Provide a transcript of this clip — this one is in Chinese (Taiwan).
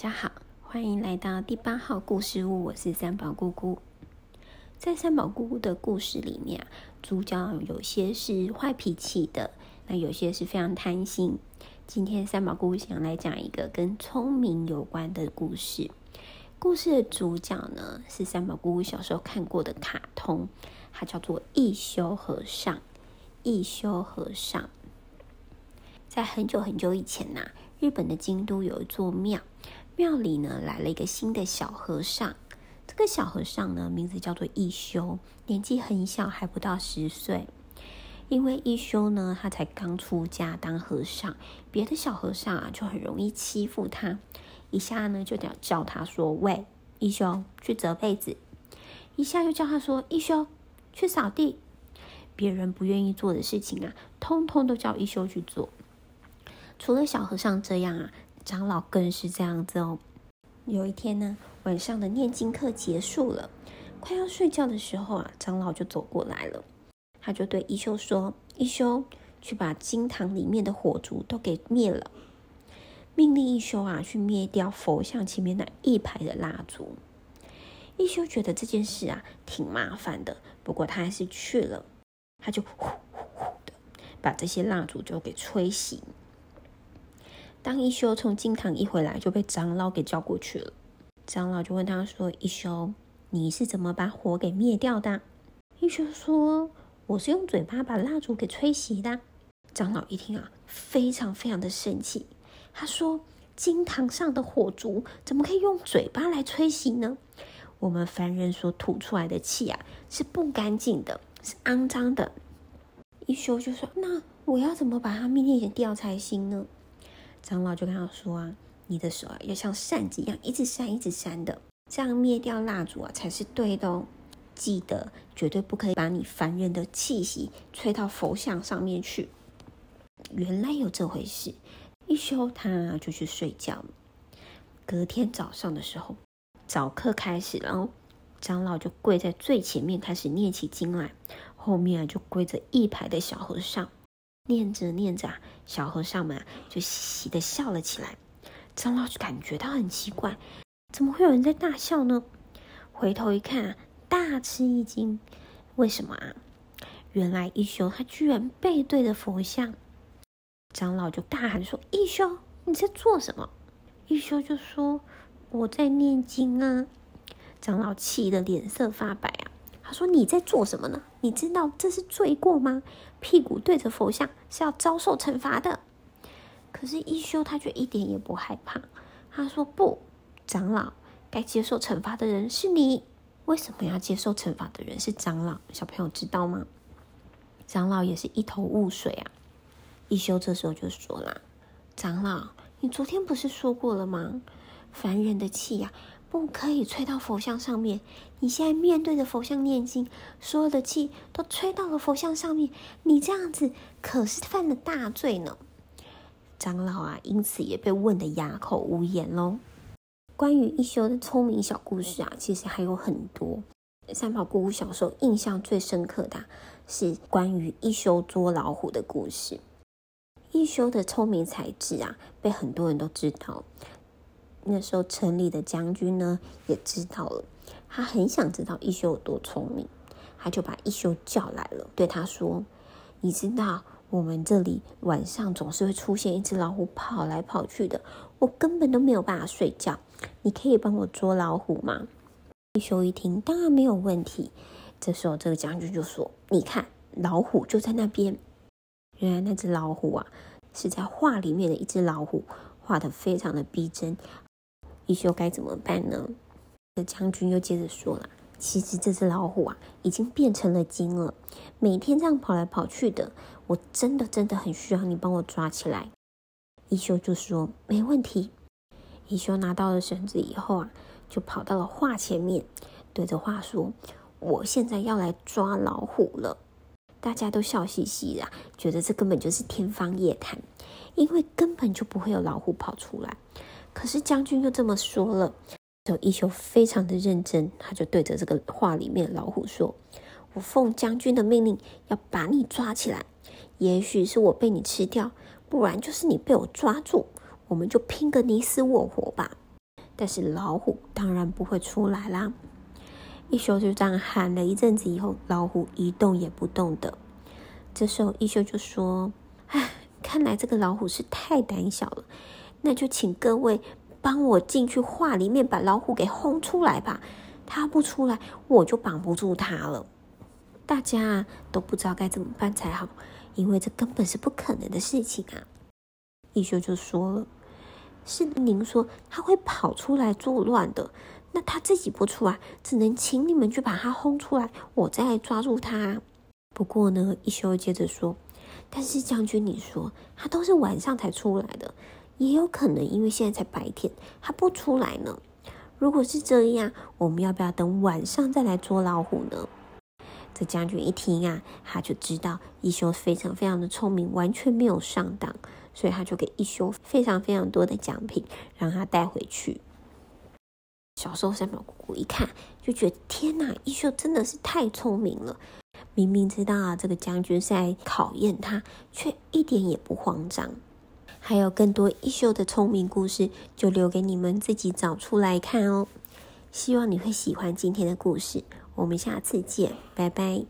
大家好，歡迎來到第八號故事屋，我是三寶菇菇。在三寶菇菇的故事裡面啊，主角有些是壞脾氣的，那有些是非常貪心。今天三寶菇菇想來講一個跟聰明有關的故事。故事的主角呢，是三寶菇菇小時候看過的卡通，它叫做《一休和尚》。一休和尚，在很久很久以前吶啊，日本的京都有一座廟。廟裡呢，來了一個新的小和尚，這個小和尚呢，名字叫做一休，年紀很小，還不到十歲。因為一休呢，他才剛出家當和尚，別的小和尚啊就很容易欺負他。一下呢就得要叫他說：“喂，一休，去折被子。”一下就叫他說：“一休，去掃地。”別人不願意做的事情啊，通通都叫一休去做。除了小和尚這樣啊。長老更是這樣子哦。有一天呢，晚上的念經課結束了，快要睡覺的時候啊，長老就走過來了。他就對一休說：“一休，去把金堂裡面的火燭都給滅了。”命令一休啊，去滅掉佛像前面那一排的蠟燭。一休覺得這件事啊挺麻煩的，不過他還是去了。他就呼呼呼的把這些蠟燭就給吹熄。當一休從金堂一回來，就被長老給叫過去了。長老就問他說：“一休，你是怎麼把火給滅掉的？”一休說：“我是用嘴巴把蠟燭給吹熄的。”長老一聽啊，非常非常的生氣。他說：“金堂上的火燭怎麼可以用嘴巴來吹熄呢？我們凡人所吐出來的氣啊，是不乾淨的，是骯髒的。”一休就說：“那我要怎麼把它滅滅掉才行呢？”長老就跟他說啊：“你的手啊，要像扇子一樣，一直扇，一直扇的，這樣滅掉蠟燭啊，才是對的哦。記得絕對不可以把你凡人的氣息吹到佛像上面去。”原來有這回事。一休他啊，就去睡覺了。隔天早上的時候，早課開始，然後長老就跪在最前面開始念起經來，後面啊就跪着一排的小和尚。念着念着啊，小和尚們就嘻嘻的笑了起來。長老就感覺到很奇怪，怎麼會有人在大笑呢？回頭一看，大吃一驚，為什麼啊？原來一休他居然背對着佛像。長老就大喊說：“一休，你在做什麼？”一休就說：“我在念經啊。”長老氣得臉色發白啊，他說：“你在做什麼呢？你知道這是罪過嗎？”屁股對着佛像是要遭受懲罰的，可是一休他卻一點也不害怕。他說：“不，長老，該接受懲罰的人是你，為什麼要接受懲罰的人是長老？”小朋友知道嗎？長老也是一頭霧水啊。一休這時候就說啦：“長老，你昨天不是說過了嗎？凡人的氣呀、啊！”不可以吹到佛像上面。你現在面對着佛像念經，所有的氣都吹到了佛像上面，你這樣子可是犯了大罪呢。長老啊，因此也被問得啞口無言嘍。關於一休的聰明小故事啊，其實還有很多。三寶姑姑小時候印象最深刻的啊，是關於一休捉老虎的故事。一休的聰明才智啊，被很多人都知道。那時候城裡的將軍呢，也知道了，他很想知道一休有多聰明，他就把一休叫來了，對他說：“你知道我們這裡晚上總是會出現一隻老虎跑來跑去的，我根本都沒有辦法睡覺，你可以幫我捉老虎嗎？”一休一聽，當然沒有問題。這時候這個將軍就說：“你看，老虎就在那邊。”原來那隻老虎啊是在畫裡面的一隻老虎，畫得非常的逼真。一休該怎麼辦呢？將軍又接着說了：“其實這只老虎啊，已經變成了精了，每天這樣跑來跑去的，我真的真的很需要你幫我抓起來。”一休就說：“沒問題。”一休拿到了繩子以後啊，就跑到了畫前面，對着畫說：“我現在要來抓老虎了。”大家都笑嘻嘻的啊，覺得這根本就是天方夜譚，因為根本就不會有老虎跑出來。可是將軍又這麼說了，所以一休非常的認真，他就對着這個畫裡面老虎說：“我奉將軍的命令要把你抓起來，也許是我被你吃掉，不然就是你被我抓住，我們就拼個你死我活吧。”但是老虎當然不會出來啦，一休就這樣喊了一陣子以後，老虎一動也不動的。這時候一休就說：“唉，看來這個老虎是太膽小了。”那就請各位幫我進去畫裡面，把老虎給轟出來吧。他不出來，我就綁不住他了。大家啊都不知道該怎麼辦才好，因為這根本是不可能的事情啊。一休就說了：“是您說他會跑出來作亂的，那他自己不出來，只能請你們去把他轟出來，我再抓住他。”不過呢，一休接着說：“但是將軍，你說他都是晚上才出來的。”也有可能，因為現在才白天，它不出來呢。如果是這樣，我們要不要等晚上再來捉老虎呢？這將軍一聽啊，他就知道一休非常非常的聰明，完全沒有上當，所以他就給一休非常非常多的獎品，讓他帶回去。小時候三寶菇菇一看，就覺得天哪，一休真的是太聰明了，明明知道啊這個將軍是在考驗他，卻一點也不慌張。還有更多一休的聰明故事，就留給你們自己找出來看哦。希望你會喜歡今天的故事，我們下次見，拜拜。